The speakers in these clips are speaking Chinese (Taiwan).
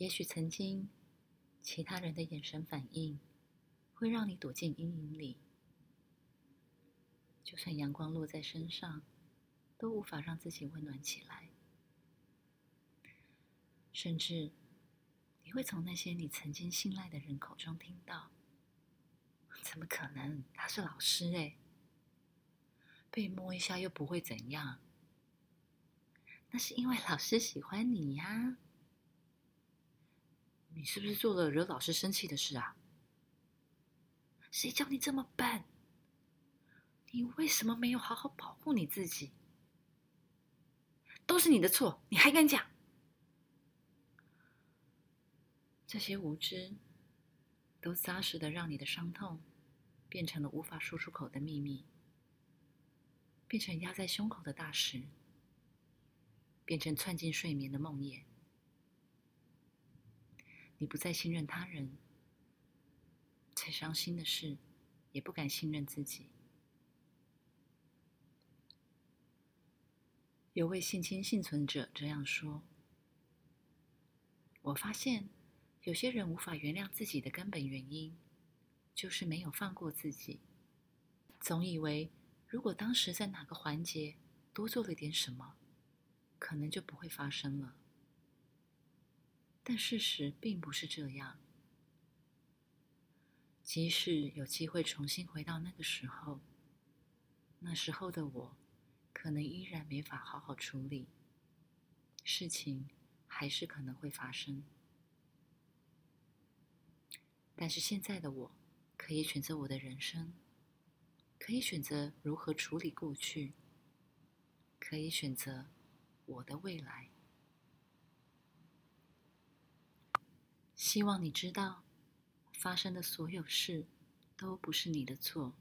也許曾經，其他人的眼神反應會讓你躲進陰影裡。就算陽光落在身上，都無法讓自己溫暖起來。甚至，你會從那些你曾經信賴的人口中聽到：“怎麼可能？他是老師欸，被摸一下又不會怎樣。那是因為老師喜歡你呀。”你是不是做了惹老師生氣的事啊？誰叫你這麼笨？你為什麼沒有好好保護你自己？都是你的錯，你還敢講？這些無知都扎實地讓你的傷痛變成了無法說出口的秘密，變成壓在胸口的大石，變成竄進睡眠的夢魘。你不再信任他人，最傷心的是，也不敢信任自己。有位性侵倖存者這樣說：“我發現，有些人無法原諒自己的根本原因，就是沒有放過自己，總以為如果當時在哪個環節多做了點什麼，可能就不會發生了。”但事實並不是這樣。即使有機會重新回到那個時候，那時候的我可能依然沒法好好處理，事情還是可能會發生。但是現在的我可以選擇我的人生，可以選擇如何處理過去，可以選擇我的未來。希望你知道，發生的所有事都不是你的錯，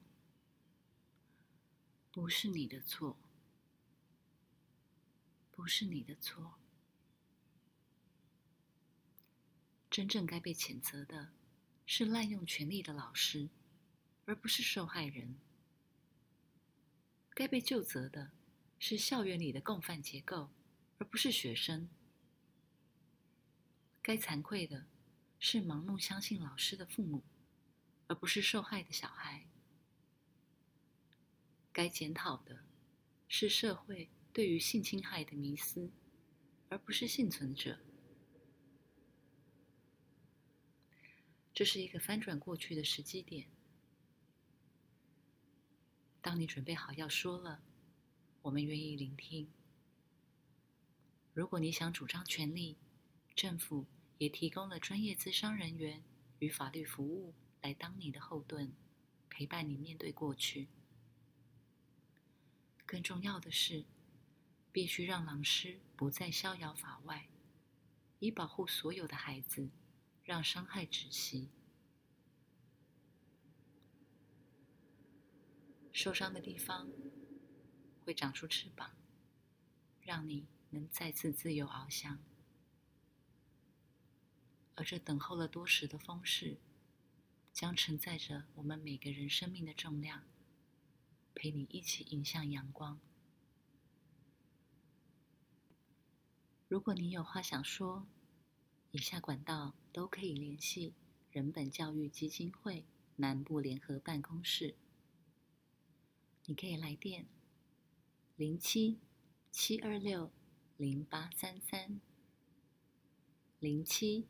不是你的錯，不是你的錯。真正該被譴責的是濫用權力的老師，而不是受害人。該被究責的是校園裡的共犯結構，而不是學生。該慚愧的。是盲目相信老師的父母，而不是受害的小孩。該檢討的是社會對於性侵害的迷思，而不是倖存者。這是一個翻轉過去的時機點。當你準備好要說了，我們願意聆聽。如果你想主張權利，政府，也提供了專業諮商人員與法律服務來當你的後盾，陪伴你面對過去。更重要的是，必須讓狼師不再逍遙法外，以保護所有的孩子，讓傷害止息。受傷的地方會長出翅膀，讓你能再次自由翱翔。而這等候了多時的風勢，將承載着我們每個人生命的重量，陪你一起迎向陽光。如果你有話想說，以下管道都可以聯繫人本教育基金會南部聯合辦公室。你可以來電零七七二六零八三三零七，